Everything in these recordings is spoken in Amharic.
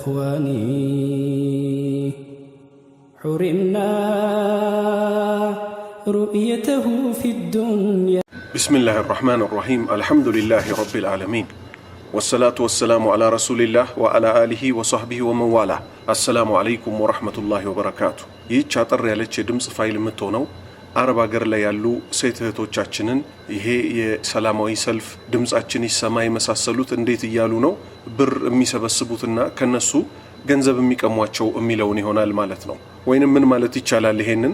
إخواني حرمنا رؤيته في الدنيا بسم الله الرحمن الرحيم الحمد لله رب العالمين والصلاة والسلام على رسول الله وعلى آله وصحبه ومن والاه السلام عليكم ورحمة الله وبركاته ይህች አጠር ያለች የድምፅ ፋይል አረብ ሀገር ላይ ያሉ ሴት እህቶቻችንን ይሄ የሰላማዊ ሰልፍ ድምጻችን ይሰማ የመሳሰሉት እንዴት እያሉ ነው ብር የሚሰበስቡትና ከነሱ ገንዘብ የሚቀሟቸው የሚለውን ይሆናል ማለት ነው። ወይንም ምን ማለት ይቻላል? ይሄንን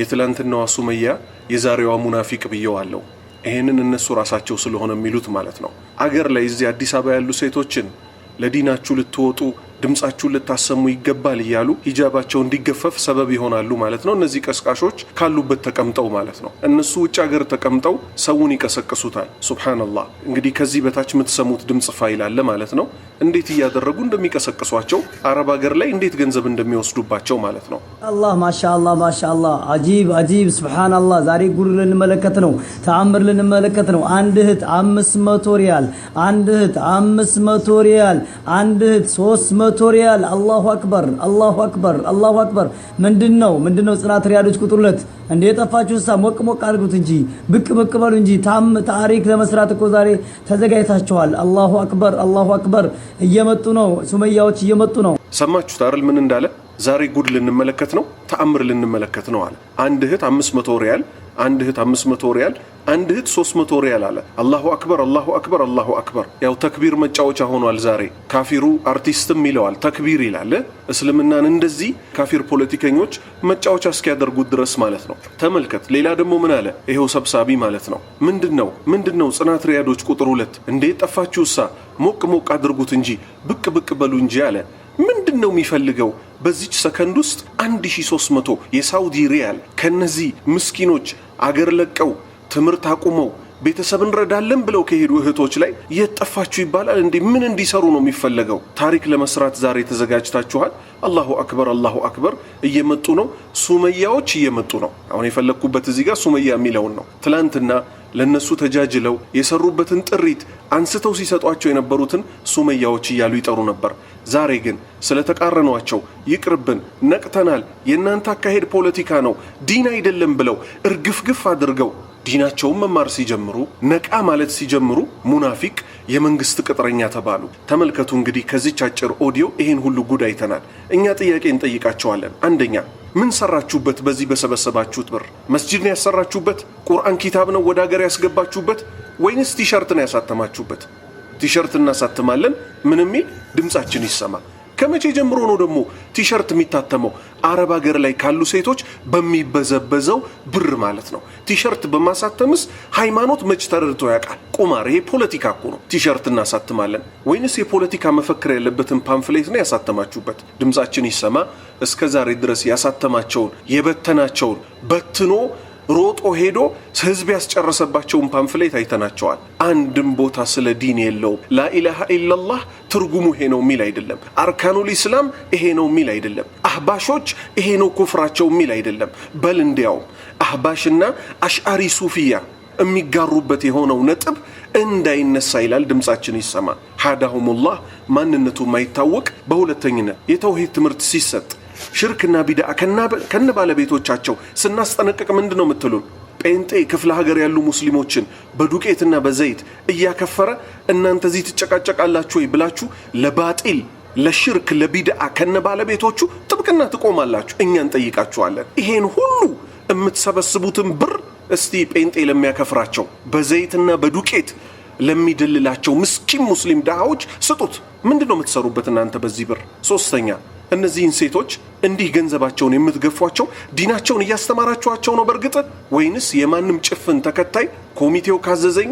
የትላንትናዋ ሱመያ የዛሬዋ ሙናፊቅ ብየዋለሁ። ይሄንን እነሱ ራሳቸው ስለሆነ የሚሉት ማለት ነው። አገር ላይ እዚህ አዲስ አበባ ያሉ ሴቶችን ለዲናችሁ ልትወጡ ድምጻችሁን ልታሰሙ ይገባል እያሉ ሂጃባቸው እንዲገፈፍ ሰበብ ይሆናሉ ማለት ነው። እነዚህ ቀስቃሾች ካሉበት ተቀምጠው ማለት ነው። እነሱ ውጭ ሀገር ተቀምጠው ሰውን ይቀሰቅሱታል። ሱብሃነላህ እንግዲህ ከዚህ በታች የምትሰሙት ድምፅ ፋይል አለ ማለት ነው። እንዴት እያደረጉ እንደሚቀሰቅሷቸው አረብ ሀገር ላይ እንዴት ገንዘብ እንደሚወስዱባቸው ማለት ነው። አላህ ማሻአላህ ማሻአላህ፣ አጂብ አጂብ፣ ሱብሃነላህ። ዛሬ ጉር ልንመለከት ነው፣ ተአምር ልንመለከት ነው። አንድ እህት አምስት መቶ ሪያል አንድ እህት አምስት መቶ ሪያል አንድ እህት ሶስት መቶ መቶ ሪያል። አላሁ አክበር፣ አላሁ አክበር፣ አላሁ አክበር። ምንድን ነው ምንድን ነው? ጽናት ሪያዶች ቁጥሩለት እንደ የጠፋችሁሳ ሞቅ ሞቅ አድርጉት እንጂ ብቅ ብቅ በሉ እንጂ። ታም ታሪክ ለመስራት እኮ ዛሬ ተዘጋጅታችኋል። አላሁ አክበር፣ አላሁ አክበር። እየመጡ ነው ሱመያዎች፣ እየመጡ ነው። ሰማችሁት አይደል? ምን እንዳለ ዛሬ ጉድ ልንመለከት ነው፣ ተአምር ልንመለከት ነው አለ። አንድ እህት አምስት መቶ ሪያል አንድ እህት 500 ሪያል፣ አንድ እህት 300 ሪያል አለ። አላሁ አክበር፣ አላሁ አክበር፣ አላሁ አክበር። ያው ተክቢር መጫወቻ ሆኗል ዛሬ። ካፊሩ አርቲስትም ይለዋል ተክቢር ይላል። እስልምናን እንደዚህ ካፊር ፖለቲከኞች መጫወቻ እስኪያደርጉት ድረስ ማለት ነው። ተመልከት። ሌላ ደግሞ ምን አለ? ይሄው ሰብሳቢ ማለት ነው። ምንድን ነው ምንድን ነው ጽናት ሪያዶች ቁጥር ሁለት ጠፋችሁ? ጠፋችሁሳ? ሞቅ ሞቅ አድርጉት እንጂ ብቅ ብቅ በሉ እንጂ አለ። ምንድን ነው የሚፈልገው? በዚች ሰከንድ ውስጥ 1300 የሳውዲ ሪያል ከነዚህ ምስኪኖች አገር ለቀው ትምህርት አቁመው ቤተሰብ እንረዳለን ብለው ከሄዱ እህቶች ላይ የት ጠፋችሁ ይባላል እንዴ? ምን እንዲሰሩ ነው የሚፈለገው? ታሪክ ለመስራት ዛሬ ተዘጋጅታችኋል? አላሁ አክበር አላሁ አክበር። እየመጡ ነው ሱመያዎች፣ እየመጡ ነው። አሁን የፈለግኩበት እዚህ ጋር ሱመያ የሚለውን ነው። ትላንትና ለእነሱ ተጃጅለው የሰሩበትን ጥሪት አንስተው ሲሰጧቸው የነበሩትን ሱመያዎች እያሉ ይጠሩ ነበር። ዛሬ ግን ስለተቃረኗቸው ይቅርብን፣ ነቅተናል፣ የእናንተ አካሄድ ፖለቲካ ነው፣ ዲን አይደለም ብለው እርግፍግፍ አድርገው ዲናቸውን መማር ሲጀምሩ ነቃ ማለት ሲጀምሩ ሙናፊቅ የመንግስት ቅጥረኛ ተባሉ። ተመልከቱ እንግዲህ ከዚች አጭር ኦዲዮ ይህን ሁሉ ጉድ አይተናል። እኛ ጥያቄ እንጠይቃቸዋለን። አንደኛ ምን ሰራችሁበት? በዚህ በሰበሰባችሁት ብር መስጂድ ነው ያሰራችሁበት? ቁርአን ኪታብ ነው ወደ ሀገር ያስገባችሁበት? ወይንስ ቲሸርት ነው ያሳተማችሁበት? ቲሸርት እናሳትማለን ምን የሚል ድምፃችን ይሰማል። ከመቼ ጀምሮ ነው ደግሞ ቲሸርት የሚታተመው? አረብ ሀገር ላይ ካሉ ሴቶች በሚበዘበዘው ብር ማለት ነው። ቲሸርት በማሳተምስ ሃይማኖት መች ተረድቶ ያውቃል? ቁማር፣ ይሄ ፖለቲካ እኮ ነው። ቲሸርት እናሳትማለን ወይንስ የፖለቲካ መፈክር ያለበትን ፓምፍሌት ነው ያሳተማችሁበት? ድምፃችን ይሰማ እስከ ዛሬ ድረስ ያሳተማቸውን የበተናቸውን በትኖ ሮጦ ሄዶ ህዝብ ያስጨረሰባቸውን ፓምፍሌት አይተናቸዋል። አንድም ቦታ ስለ ዲን የለውም። ላኢላሃ ኢላላህ ትርጉሙ ይሄ ነው የሚል አይደለም። አርካኑል ኢስላም ይሄ ነው የሚል አይደለም። አህባሾች ይሄ ነው ኩፍራቸው የሚል አይደለም። በል እንዲያውም አህባሽና አሽአሪ ሱፊያ የሚጋሩበት የሆነው ነጥብ እንዳይነሳ ይላል። ድምፃችን ይሰማ ሓዳሁሙላህ ማንነቱ የማይታወቅ በሁለተኝነት የተውሂድ ትምህርት ሲሰጥ ሽርክና ቢድዓ ከነ ባለቤቶቻቸው ስናስጠነቅቅ ምንድን ነው የምትሉን? ጴንጤ ክፍለ ሀገር ያሉ ሙስሊሞችን በዱቄትና በዘይት እያከፈረ እናንተ እዚህ ትጨቃጨቃላችሁ ወይ ብላችሁ ለባጢል ለሽርክ ለቢድዓ ከነ ባለቤቶቹ ጥብቅና ትቆማላችሁ። እኛ እንጠይቃችኋለን። ይሄን ሁሉ የምትሰበስቡትን ብር እስቲ ጴንጤ ለሚያከፍራቸው በዘይትና በዱቄት ለሚደልላቸው ምስኪን ሙስሊም ድሃዎች ስጡት። ምንድን ነው የምትሰሩበት እናንተ በዚህ ብር? ሶስተኛ እነዚህን ሴቶች እንዲህ ገንዘባቸውን የምትገፏቸው ዲናቸውን እያስተማራችኋቸው ነው በእርግጥ ወይንስ የማንም ጭፍን ተከታይ ኮሚቴው ካዘዘኝ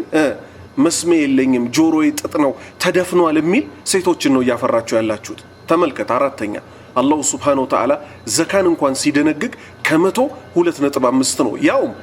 መስሜ የለኝም ጆሮዬ ጥጥ ነው ተደፍኗል የሚል ሴቶችን ነው እያፈራችሁ ያላችሁት ተመልከት አራተኛ አላሁ ስብሓነ ወተዓላ ዘካን እንኳን ሲደነግግ ከመቶ ሁለት ነጥብ አምስት ነው ያውም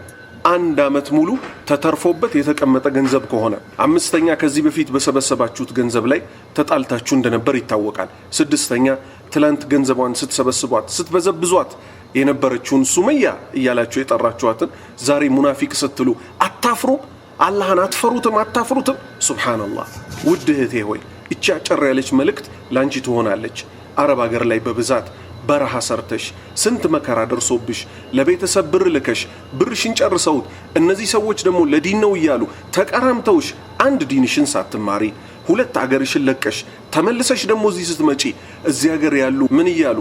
አንድ ዓመት ሙሉ ተተርፎበት የተቀመጠ ገንዘብ ከሆነ። አምስተኛ ከዚህ በፊት በሰበሰባችሁት ገንዘብ ላይ ተጣልታችሁ እንደነበር ይታወቃል። ስድስተኛ ትላንት ገንዘቧን ስትሰበስቧት ስትበዘብዟት የነበረችውን ሱመያ እያላችሁ የጠራችኋትን ዛሬ ሙናፊቅ ስትሉ አታፍሩም? አላህን አትፈሩትም? አታፍሩትም? ሱብሓነላህ። ውድ እህቴ ሆይ እቺ አጭር ያለች መልእክት ላንቺ ትሆናለች። አረብ አገር ላይ በብዛት በረሃ ሰርተሽ ስንት መከራ ደርሶብሽ ለቤተሰብ ብር ልከሽ ብርሽን ጨርሰውት እነዚህ ሰዎች ደግሞ ለዲን ነው እያሉ ተቀራምተውሽ አንድ ዲንሽን ሳትማሪ ሁለት አገርሽን ለቀሽ ተመልሰሽ ደግሞ እዚህ ስትመጪ እዚህ ሀገር ያሉ ምን እያሉ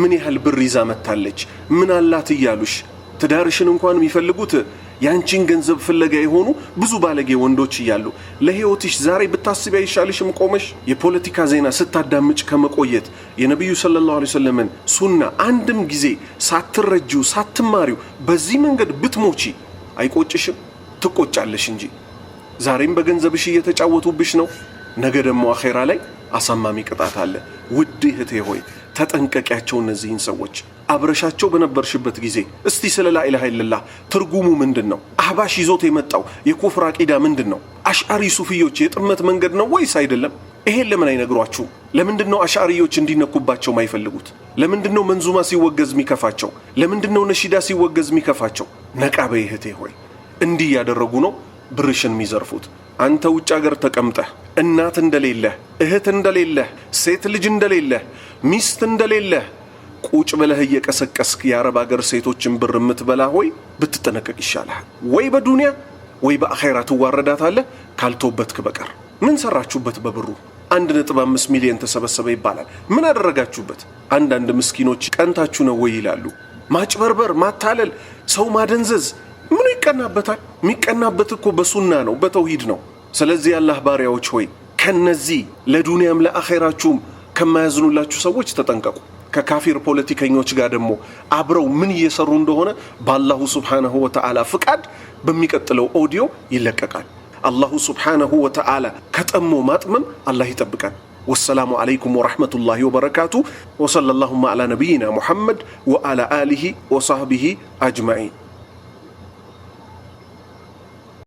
ምን ያህል ብር ይዛ መታለች፣ ምን አላት እያሉሽ ትዳርሽን እንኳን የሚፈልጉት ያንቺን ገንዘብ ፍለጋ የሆኑ ብዙ ባለጌ ወንዶች እያሉ ለህይወትሽ ዛሬ ብታስቢ አይሻልሽም? ቆመሽ የፖለቲካ ዜና ስታዳምጭ ከመቆየት የነቢዩ ሰለላሁ ዐለይሂ ወሰለምን ሱና አንድም ጊዜ ሳትረጂው ሳትማሪው በዚህ መንገድ ብትሞቺ አይቆጭሽም? ትቆጫለሽ እንጂ ዛሬም በገንዘብሽ እየተጫወቱብሽ ነው። ነገ ደግሞ አኼራ ላይ አሳማሚ ቅጣት አለ። ውድ እህቴ ሆይ ተጠንቀቂያቸው። እነዚህን ሰዎች አብረሻቸው በነበርሽበት ጊዜ እስቲ ስለ ላኢላሃ ኢለላህ ትርጉሙ ምንድን ነው? አህባሽ ይዞት የመጣው የኩፍር አቂዳ ምንድን ነው? አሽዓሪ ሱፊዮች የጥመት መንገድ ነው ወይስ አይደለም? ይሄን ለምን አይነግሯችሁ? ለምንድን ነው አሽዓሪዎች እንዲነኩባቸው ማይፈልጉት? ለምንድን ነው መንዙማ ሲወገዝ የሚከፋቸው? ለምንድን ነው ነሺዳ ሲወገዝ የሚከፋቸው? ነቃ በይ እህቴ ሆይ እንዲህ ያደረጉ ነው ብርሽን የሚዘርፉት። አንተ ውጭ አገር ተቀምጠህ እናት እንደሌለህ፣ እህት እንደሌለህ፣ ሴት ልጅ እንደሌለህ፣ ሚስት እንደሌለህ ቁጭ ብለህ እየቀሰቀስክ የአረብ አገር ሴቶችን ብር የምትበላ ሆይ ብትጠነቀቅ ይሻልሃል። ወይ በዱንያ ወይ በአኼራ ትዋረዳታለህ። ካልቶበትክ በቀር ምን ሰራችሁበት? በብሩ አንድ ነጥብ አምስት ሚሊዮን ተሰበሰበ ይባላል። ምን አደረጋችሁበት? አንዳንድ ምስኪኖች ቀንታችሁ ነው ወይ ይላሉ። ማጭበርበር፣ ማታለል፣ ሰው ማደንዘዝ ይቀናበታል። የሚቀናበት እኮ በሱና ነው፣ በተውሂድ ነው። ስለዚህ የአላህ ባሪያዎች ሆይ ከነዚህ ለዱንያም ለአኼራችሁም ከማያዝኑላችሁ ሰዎች ተጠንቀቁ። ከካፊር ፖለቲከኞች ጋር ደግሞ አብረው ምን እየሰሩ እንደሆነ በአላሁ ስብሓነሁ ወተዓላ ፍቃድ በሚቀጥለው ኦዲዮ ይለቀቃል። አላሁ ስብሓነሁ ወተዓላ ከጠሞ ማጥመም አላህ ይጠብቃል። ወሰላሙ ዓለይኩም ወረሕመቱላሂ ወበረካቱ ወሰለላሁማ ዓላ ነቢይና ሙሐመድ ወአላ አሊሂ ወሳህቢሂ አጅማዒን